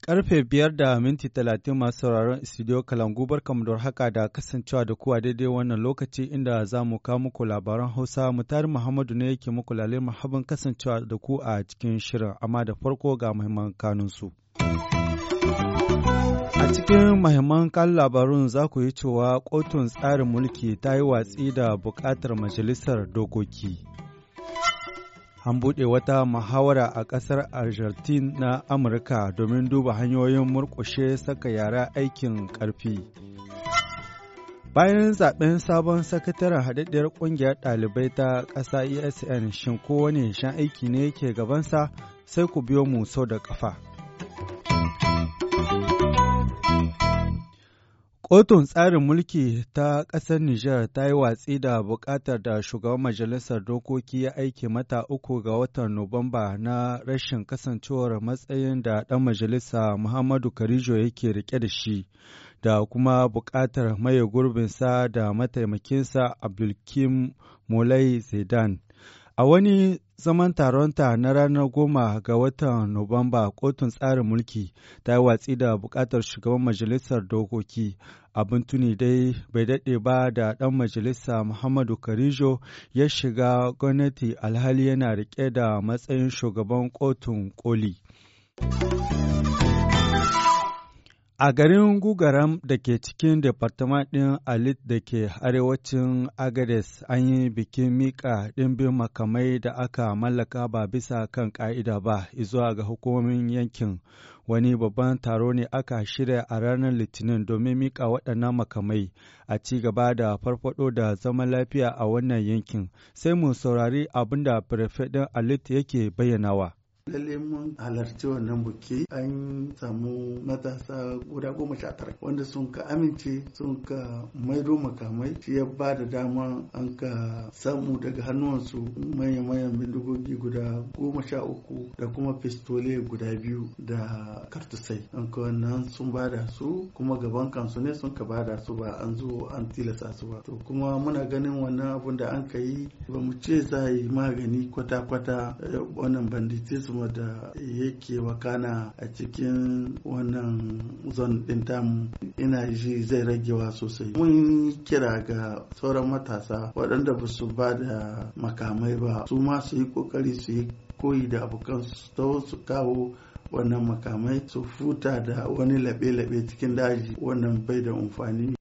Karfe biyar da minti talatin masu sauraron studio Kalangu barkamu da haka da kasancewa da kuwa daidai wannan lokaci inda za mu kawo muku labaran Hausa mutari Muhammadu ne yake muku lalle mahabin kasancewa da ku a cikin shirin amma da farko ga muhimman kanunsu. cikin mahimman kan labarun za ku yi cewa kotun tsarin mulki ta yi watsi da buƙatar majalisar dokoki. An buɗe wata muhawara a ƙasar Argentine na Amurka domin duba hanyoyin murƙushe saka yara aikin ƙarfi. Bayan zaɓen sabon sakataren haɗaɗɗiyar ƙungiyar ɗalibai ta ƙasa ESN shin kowane shan aiki ne yake gabansa sai ku biyo mu sau da ƙafa. Kotun tsarin mulki ta ƙasar Nijar ta yi watsi da buƙatar da shugaban majalisar dokoki ya aiki mata uku ga watan Nuwamba na rashin kasancewar matsayin da ɗan majalisa Muhammadu Karijo yake riƙe da shi, da kuma buƙatar maye gurbinsa da mataimakinsa Abdulkim Molai Zidane. A wani zaman taronta na ranar goma ga watan Nuwamba, kotun tsarin mulki ta yi watsi da bukatar shugaban majalisar dokoki. Abin tuni dai bai daɗe ba da ɗan majalisa Muhammadu Karijo ya shiga gwamnati alhali yana riƙe da matsayin shugaban kotun koli. A garin Gugaram da ke cikin Departement ɗin Alit da ke arewacin Agades an yi bikin miƙa ɗimbin makamai da aka mallaka ba bisa kan ƙa'ida ba zuwa ga hukumomin yankin. Wani babban taro ne aka shirya a ranar Litinin domin miƙa waɗannan makamai a ci gaba da farfaɗo da zaman lafiya a wannan yankin. Sai mu saurari abin da Alit yake bayyanawa. lalle mun halarci wannan buki an samu matasa guda goma sha tara wanda sun ka amince sun ka maido makamai shi ya ba da dama an ka samu daga hannuwansu manya-manyan bindigogi guda goma sha uku da kuma pistole guda biyu da kartusai an ka wannan sun ba da su kuma gaban kansu ne sun ka ba da su ba an zo an tilasta su ba to kuma muna ganin wannan abun da an ka yi ba mu ce za a yi magani kwata-kwata eh, wannan banditis kuma da yake wakana a cikin wannan zon din tamu ina ji zai ragewa sosai mun kira ga sauran matasa waɗanda ba su ba da makamai ba su ma su yi kokari su yi koyi da abokan su su kawo wannan makamai su futa da wani laɓe-laɓe cikin daji wannan bai da amfani.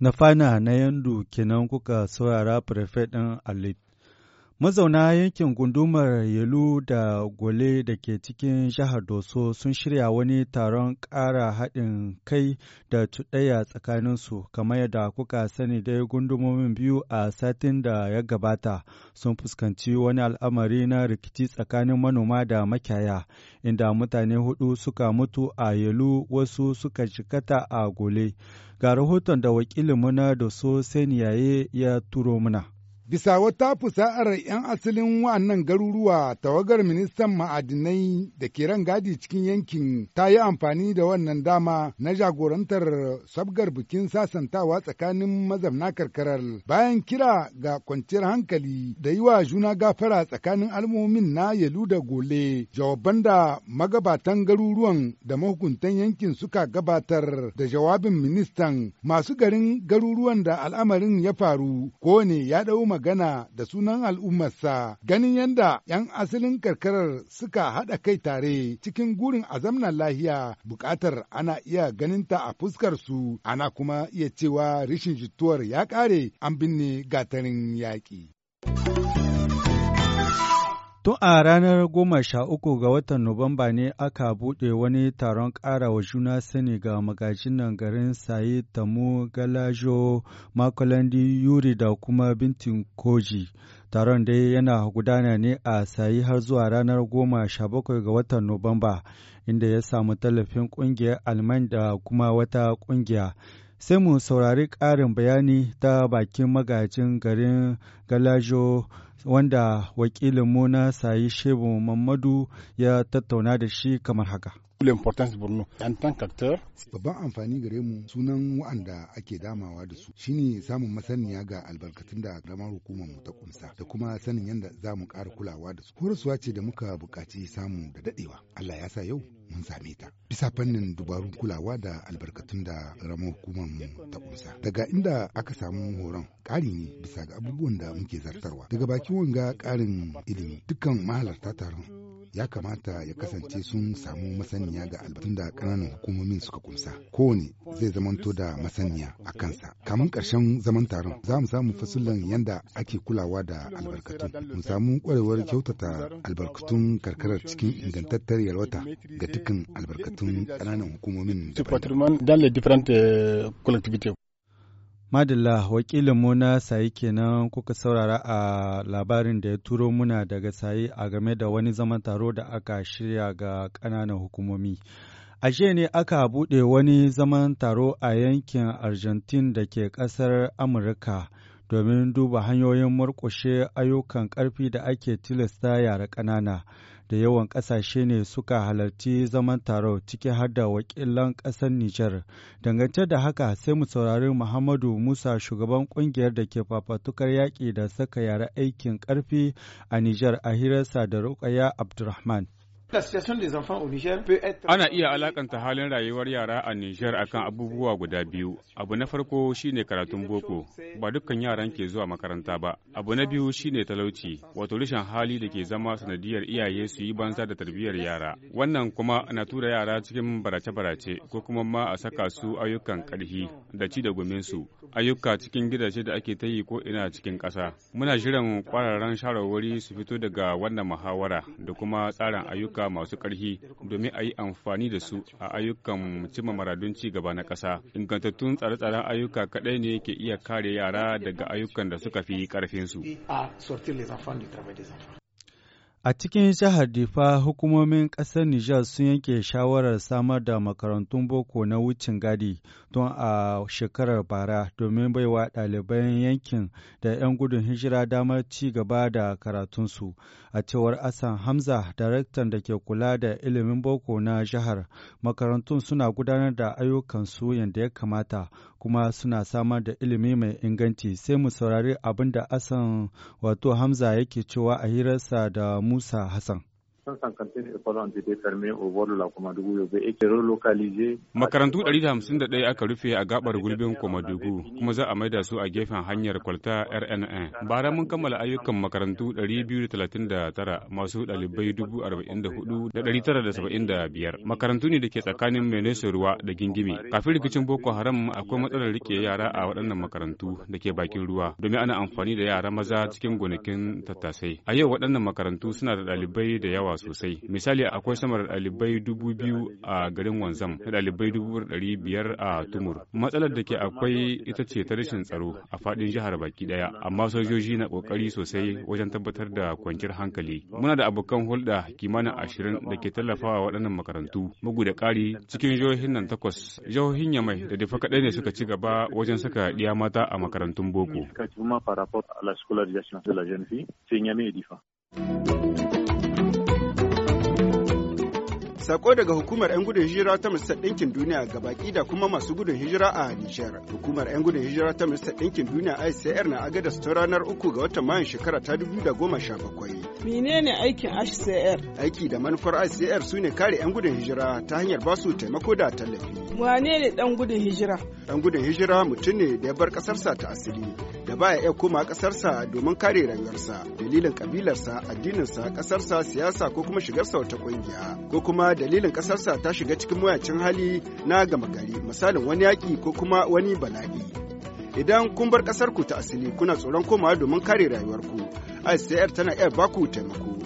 na fana na yandu kenan kuka saurara prefet ɗin alit Mazauna yankin gundumar Yelu da Gole da ke cikin jihar Doso sun shirya wani taron ƙara haɗin kai da tuɗaya tsakaninsu, kamar yadda kuka sani dai gundumomin biyu a satin da ya gabata sun fuskanci wani al'amari na rikici tsakanin manoma da makyaya, inda mutane hudu suka mutu a Yelu wasu suka jikata a Gole. Ga rahoton da wakilinmu na Doso Seniyaye ya turo mana. Bisa wata fusa'ar 'yan asalin wa'annan garuruwa tawagar ministan ma'adinai da ke rangadi cikin yankin ta yi amfani da wannan dama na jagorantar sabgar bikin sasantawa tsakanin mazamna karkarar bayan kira ga kwanciyar hankali da yi wa juna gafara tsakanin almomin na yalu da gole jawaban da magabatan garuruwan da mahukuntan yankin suka gabatar da jawabin ministan masu garin garuruwan da al'amarin ya faru ko ne ya ɗau magana da sunan al'ummarsa ganin yadda 'yan asalin karkarar suka haɗa kai tare cikin gurin azamnan lahiya bukatar ana iya ganinta a fuskar su ana kuma iya cewa rishin jituwar ya ƙare an binne gatarin yaƙi. Tun a ranar goma sha uku ga watan Nuwamba ne aka buɗe wani taron ƙara wa juna sani ga magajin nan garin Sayi Tamu Galajo Makolandi Yuri da kuma Bintin Koji. Taron dai yana gudana ne a Sayi har zuwa ranar goma sha bakwai ga watan Nuwamba, inda ya samu tallafin ƙungiyar Alman da kuma wata ƙungiya. sai mu saurari ƙarin bayani ta bakin magajin garin Galajo wanda wakilinmu na Sayi Shebu Mamadu ya tattauna da shi kamar haka. l'importance pour nous en tant qu'acteur babban amfani gare mu sunan wa'anda ake damawa da su shine samun masaniya ga albarkatun da ramar hukumar mu ta kumsa da kuma sanin yadda za mu ƙara kulawa da su horaswa ce da muka buƙaci samu da dadewa Allah ya sa yau mun same ta bisa fannin dubarun kulawa da albarkatun da ramar hukumar mu ta kunsa daga inda aka samu horon ƙari ne bisa ga abubuwan da muke zartarwa daga bakin wanga ƙarin ilimi dukkan mahalarta taron ya kamata ya kasance sun samu masaniya ga albatun da ƙananan hukumomin suka kumsa kowane zai zamanto da masaniya a kansa kamun ƙarshen zaman taron za mu samu fasulan yadda ake kulawa da albarkatun mu samu kwarewar kyautata albarkatun karkarar cikin ingantattar yalwata ga dukkan albarkatun ƙananan hukumomin Madalla mu na sayi kenan kuka saurara a labarin da ya turo muna daga sayi a game da wani zaman taro da aka shirya ga ƙananan hukumomi. A ne aka buɗe wani zaman taro a yankin Argentin da ke ƙasar Amurka domin duba hanyoyin murkushe ayyukan ƙarfi da ake tilasta yara ƙanana. da yawan ƙasashe ne suka halarci zaman taro ciki har da wakilan ƙasar Nijar. Dangance da haka sai mu saurari Muhammadu Musa shugaban ƙungiyar da ke fafatukar yaƙi da saka yara aikin ƙarfi a Nijar a hirarsa da Rukaya Abdulrahman. Ana iya alakanta halin rayuwar yara a Nijar akan abubuwa guda biyu. Abu na farko shine karatun boko, ba dukkan yaran ke zuwa makaranta ba. Abu na biyu shine talauci, wato rashin hali da ke zama sanadiyar iyaye su yi banza da tarbiyyar yara. Wannan kuma na tura yara cikin barace-barace ko kuma ma a saka su ayyukan karhi da ci da gumin su, ayyuka cikin gidaje da ake ta yi ko ina cikin ƙasa. Muna jiran kwararran shawarwari su fito daga wannan muhawara da kuma tsarin ayyuka ayyuka masu ƙarfi domin a yi amfani da su a ayyukan cimma maradun ci gaba na ƙasa. Ingantattun tsare-tsaren ayyuka kaɗai ne ke iya kare yara daga ayyukan da suka fi ƙarfinsu. A cikin jihar Difa, hukumomin ƙasar Nijar sun yanke shawarar samar da makarantun boko na wucin gadi don a shekarar bara domin baiwa ɗaliban yankin da 'yan gudun hijira damar ci gaba da karatunsu. A cewar Asan Hamza, daraktan da ke kula da ilimin boko na jihar, makarantun suna gudanar da ayyukansu yadda ya kamata kuma suna samar da ilimi mai inganci sai mu saurari abin da Hassan wato Hamza yake cewa a hirarsa da Musa Hassan. 151 Makarantu 151 aka rufe a gabar gulbin komadugu kuma za a maida su a gefen hanyar kwalta RNN. Bara mun kammala ayyukan makarantu 239 masu dalibai 44,975. Makarantu ne da ke tsakanin nesa ruwa da Gingimi. Kafin rikicin Boko Haram akwai matsalar rike yara a waɗannan makarantu da ke bakin ruwa domin ana amfani da yara maza cikin gonakin tattasai. A yau waɗannan makarantu suna da ɗalibai da yawa sosai. Misali akwai samar dalibai dubu biyu a garin Wanzam da dalibai dubu ɗari biyar a Tumur. Matsalar da ke akwai ita ce ta rashin tsaro a faɗin jihar baki ɗaya, amma sojoji na ƙoƙari sosai wajen tabbatar da kwanciyar hankali. Muna da abokan hulɗa kimanin ashirin da ke tallafawa waɗannan makarantu. Bugu da ƙari cikin jihohin nan takwas, jihohin Yamai da dafa kaɗai ne suka ci gaba wajen saka ɗiya mata a makarantun boko. Thank you. Sako daga hukumar 'yan gudun hijira ta Majalisar Ɗinkin Duniya ga baki da kuma masu gudun hijira a Nijar. Hukumar 'yan gudun hijira ta Majalisar Ɗinkin Duniya ICR na agada ta ranar uku ga watan Mayun shekara ta da goma sha bakwai. Menene aikin ICR? Aiki da manufar ICR su ne kare 'yan gudun hijira ta hanyar ba su taimako da tallafi. Wane ne ɗan gudun hijira? Ɗan gudun hijira mutum ne da ya bar ƙasarsa ta asiri. baya iya koma ƙasarsa domin kare rangarsa dalilin ƙabilarsa addininsa ƙasarsa siyasa ko kuma shigarsa wata ƙungiya ko kuma dalilin ƙasarsa ta shiga cikin mayacin hali na gama gari misalin wani yaƙi ko kuma wani bala'i idan kun bar ƙasarku ta asali kuna tsoron komawa domin kare rayuwarku ICR tana iya baku taimako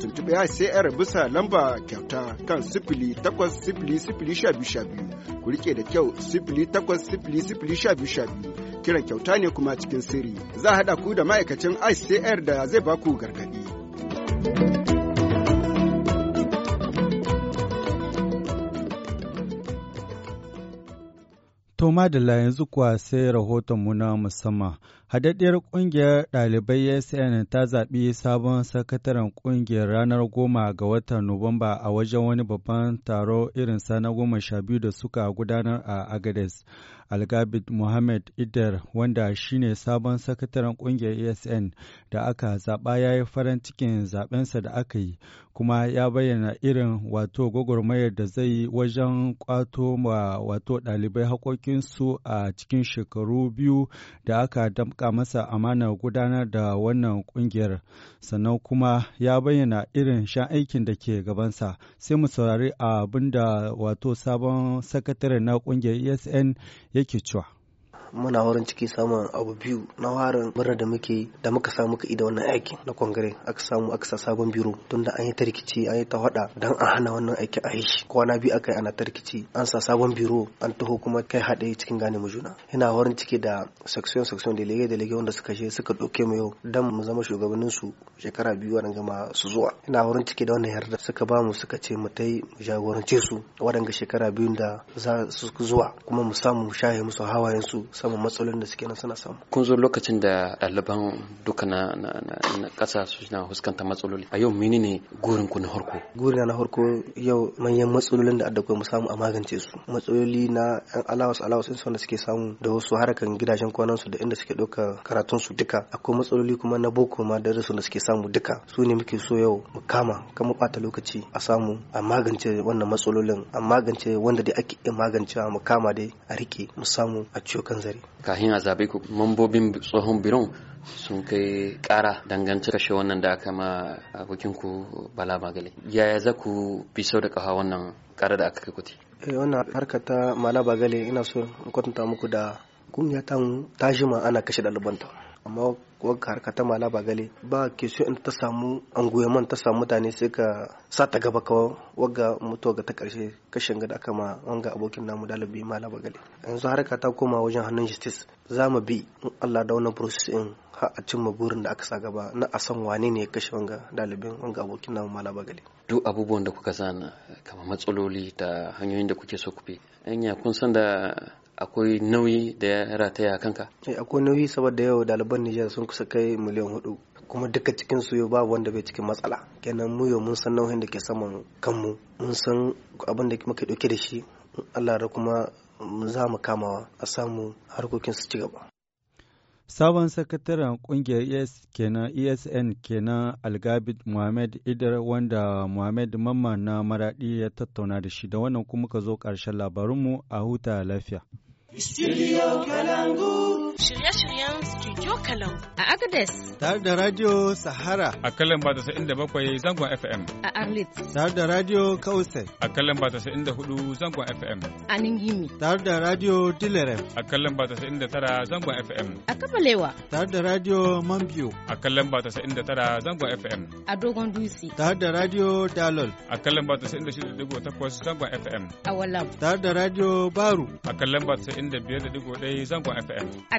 tuntuɓe ICR bisa lamba kyauta kan sifili takwas sifili sifili sha biyu sha biyu ku riƙe da kyau sifili takwas sifili sifili sha biyu sha biyu Kiran kyauta ne kuma cikin sirri. Za a haɗa ku da ma'aikacin ICR da zai baku gargaɗi. toma la yanzu kuwa sai rahoton mu na musamman. Hadaddiyar ƙungiyar ɗalibai SN ta zaɓi sabon sakataren ƙungiyar ranar goma ga watan Nuwamba a wajen wani babban taro irinsa na goma sha biyu da suka gudanar a Agades. algabit mohammed idar wanda shine sabon sakataren kungiyar esn da aka zaɓa ya yi farin cikin zaɓensa da aka yi kuma ya bayyana irin wato gwagwarmayar da zai yi wajen kwato ma wato ɗalibai haƙoƙinsu a cikin shekaru biyu da aka damƙa masa amana gudanar da wannan ƙungiyar sannan kuma ya bayyana irin shan aikin da ke gabansa sai mu saurari abin da wato sabon sakatare na ƙungiyar esn yake cewa muna wurin ciki samun abu biyu na warin murna da muke da muka samu ka ida wannan aikin na kongare aka samu aka sa sabon biro tunda an yi ta an yi ta don dan an hana wannan aiki a yi shi kwana biyu aka yi ana ta rikici an sa sabon biro an taho kuma kai haɗe cikin gane mu juna ina wurin ciki da section section da lege wanda suka je suka ɗauke mu yau dan mu zama shugabannin su shekara biyu wannan gama su zuwa ina wurin ciki da wannan yarda suka ba mu suka ce mu yi jagorance su waɗanga shekara biyun da za su zuwa kuma mu samu mu shaye musu hawayen su samun matsalolin da suke nan suna samu kun zo lokacin da ɗaliban duka na ƙasa na huskanta matsaloli a yau menene gurin ku na harko gurin na harko yau manyan matsalolin da addakwai mu samu a magance su matsaloli na yan alawas alawas din wanda suke samu da wasu harakan gidajen kwanan su da inda suke ɗauka karatun su duka akwai matsaloli kuma na boko ma da rasu da suke samu duka su ne muke so yau mu kama kama ɓata lokaci a samu a magance wannan matsalolin a magance wanda dai ake iya magancewa mu kama dai a rike mu samu a ciwo kan zai gari kafin a zabe ku mambobin tsohon biron sun kai kara danganci kashe wannan da aka ma abokin ku bala Magali. yaya za ku bi sau da kafa wannan kara da aka kai kuti eh, wannan harka ta mala bagale ina so in kwatanta muku da kungiya ta tajima ana kashe ɗalibanta amma wanka harka ta mala ba gale ba ke so in ta samu man ta samu mutane sai ka sa ta gaba kawo wagga mutu ga ta karshe kashin gada aka ma wanga abokin namu dalibi mala ba gale yanzu harka ta koma wajen hannun justice za mu bi in Allah da wannan process in har a cimma burin da aka sa gaba na a san wane ne ya kashe wanga dalibin wanga abokin namu mala ba gale duk abubuwan da kuka sana kamar matsaloli ta hanyoyin da kuke so ku bi kun san da akwai nauyi da ya rataya kanka eh, akwai nauyi saboda yau ɗaliban Nijar sun kusa kai miliyan hudu kuma duka cikin su yau babu wanda bai cikin matsala kenan mu yau mun san nauyin da ke saman kanmu mun san abin da muka dauke da shi Allah da kuma za mu kamawa a samu harkokin su ci gaba Sabon sakataren kungiyar ES kenan ESN kenan Algabid Mohamed Idar wanda Mohamed Mamma na Maradi ya tattauna da shi da wannan kuma ka zo ƙarshen labarunmu a huta lafiya. Studio Kalangu. shirye-shiryen Studio Kalau a Agadez. Tare da Radio Sahara. A kalan ba ta inda bakwai zangon FM. A Arlit. Tare da Radio Kausai. A kalan ba ta inda hudu zangon FM. A Ningimi. Tare da Radio Dilerem. A kalan ba ta inda tara zangon FM. A kamalewa. Tare da Radio Mambiyo. A kalan ba ta inda tara zangon FM. A Dogon Dutse. Tare da Radio Dalol. A kalan ba ta inda shida digo takwas zangon FM. A Walam. Tare da Radio Baru. A kalan ba ta inda biyar da digo ɗaya zangon FM. A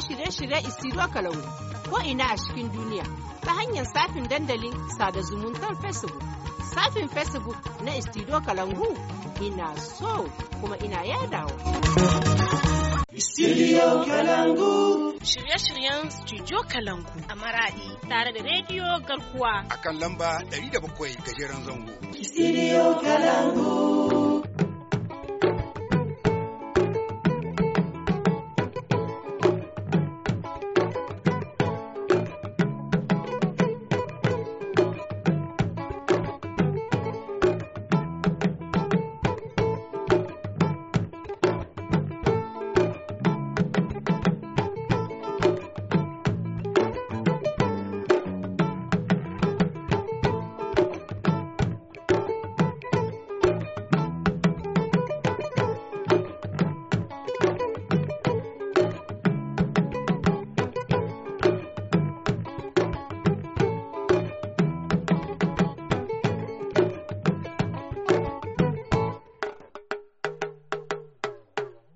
sauran shirye-shirye Isiro Kalangu ko ina a cikin duniya ta hanyar safin dandalin sada zumuntar Facebook. Safin Facebook na istido Kalangu ina so kuma ina yadawa. Kalangu. Shirye-shiryen Studio Kalangu a Maradi tare da Rediyo Garkuwa. A kan lamba 107 gajeren zango. Studio Kalangu.